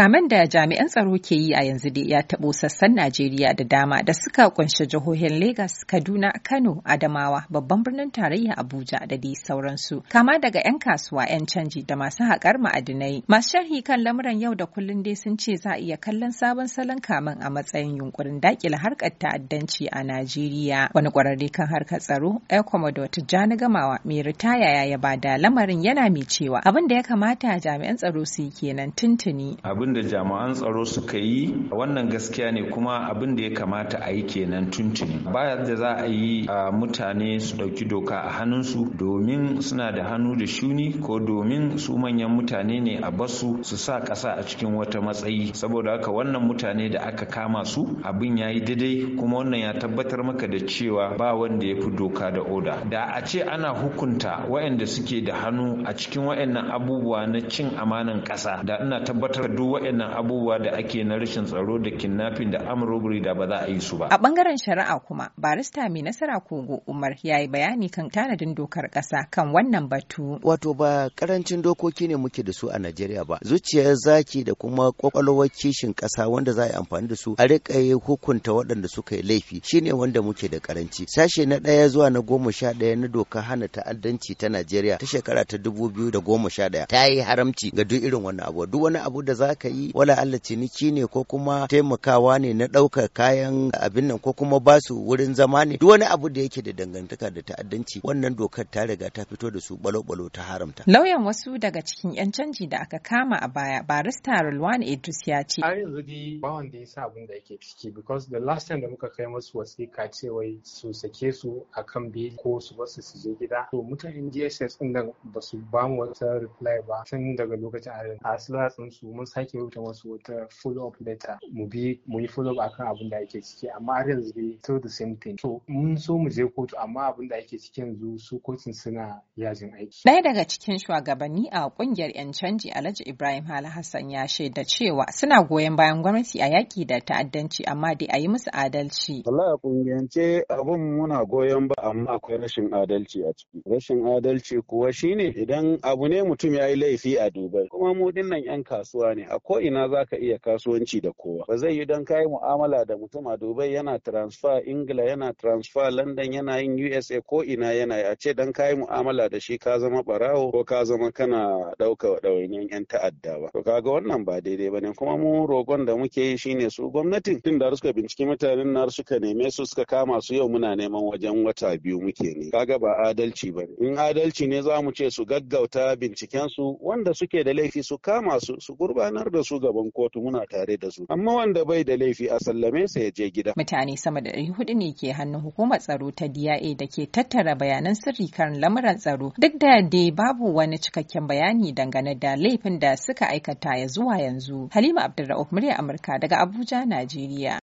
Kamen da jami'an tsaro ke yi a yanzu dai ya taɓo sassan Najeriya da dama da suka kunshi jihohin Legas, Kaduna, Kano, Adamawa, babban birnin tarayya Abuja da dai sauransu. Kama daga 'yan kasuwa, 'yan canji da masu haƙar ma'adinai. Masu sharhi kan lamuran yau da kullun dai sun ce za a iya kallon sabon salon kamen a matsayin yunkurin daƙile harkar ta'addanci a Najeriya. Wani ƙwararre kan harkar tsaro, Air Commodore Tijjani Gamawa, mai ritaya ya ba da lamarin yana mai cewa abin da ya kamata jami'an tsaro su yi kenan tuntuni. abin da jami'an tsaro suka yi wannan gaskiya ne kuma abin da ya kamata a yi kenan tuntuni ba da za a yi a mutane su ɗauki doka a hannunsu domin suna da hannu da shuni ko domin su manyan mutane ne a basu su sa ƙasa a cikin wata matsayi saboda haka wannan mutane da aka kama su abin ya yi daidai kuma wannan ya tabbatar maka da cewa ba wanda ya fi doka da oda da a ce ana hukunta waɗanda suke da hannu a cikin waɗannan abubuwa na cin amanan ƙasa da ina tabbatar da waɗannan abubuwa da ake na rashin tsaro da kinnafin da armed robbery da ba za a yi su ba. A bangaren shari'a kuma barista mai nasara kogo Umar ya yi bayani kan tanadin dokar ƙasa kan wannan batu. Wato ba karancin dokoki ne muke da su a Najeriya ba. Zuciyar zaki da kuma kwakwalwar kishin ƙasa wanda za a yi amfani da su a riƙa yi hukunta waɗanda suka yi laifi shine wanda muke da karanci. Sashe na ɗaya zuwa na goma sha ɗaya na doka hana ta'addanci ta Najeriya ta shekara ta dubu biyu da goma sha ɗaya ta yi haramci ga duk irin wannan abu duk wani abu da za aka yi wala Allah ciniki ne ko kuma taimakawa ne na ɗaukar kayan abin nan ko kuma basu wurin zama ne duk wani abu da yake da dangantaka da ta'addanci wannan dokar ta riga ta fito da su balo-balo ta haramta. Lauyan wasu daga cikin 'yan canji da aka kama a baya barista Rulwan Idris ya ce. Har yanzu dai ba wanda ya sa abin da yake ciki because the last time da muka kai masu wasiƙa cewa su sake su a kan beli ko su basu su je gida. To mutanen DSS ɗin nan ba su ba mu wata reply ba tun daga lokacin a asila tsinsu mun sake ake rubuta masu wata follow up letter mu bi mu yi follow up akan abin da ake ciki amma har yanzu dai to the same thing so mun so mu je kotu amma abin da ake ciki yanzu su kotun suna yajin aiki ɗaya daga cikin shugabanni a kungiyar yan canji Alhaji Ibrahim Hala Hassan ya shaida cewa suna goyon bayan gwamnati a yaki da ta'addanci amma dai a yi musu adalci wallahi kungiyance abin muna goyon ba amma akwai rashin adalci a ciki rashin adalci kuwa shine idan abu ne mutum ya yi laifi a dubai kuma mu dinnan yan kasuwa ne ko ina za ka iya kasuwanci da kowa ba zai yi don kayi mu'amala da mutum a dubai yana transfer ingila yana transfer london yana yin usa ko ina yana a ce don kayi mu'amala da shi ka zama barawo ko ka zama kana ɗauka ɗawainiyan yan ta'adda ba to kaga wannan ba daidai ba ne kuma mu rogon da muke yi shine su gwamnatin tun da suka binciki mutanen na suka neme su suka kama su yau muna neman wajen wata biyu muke ne kaga ba adalci ba ne. in adalci ne za mu ce su gaggauta binciken su wanda suke da laifi su kama su su gurbanar da su gaban kotu muna tare da su amma wanda bai da laifi a sallame sai ya je gida mutane sama da 400 ne ke hannun hukumar tsaro ta DIA da ke tattara bayanan sirri kan lamuran tsaro duk da dai babu wani cikakken bayani dangane da laifin da suka aikata ya zuwa yanzu Halima Abdulra'uf murya Amurka daga Abuja Najeriya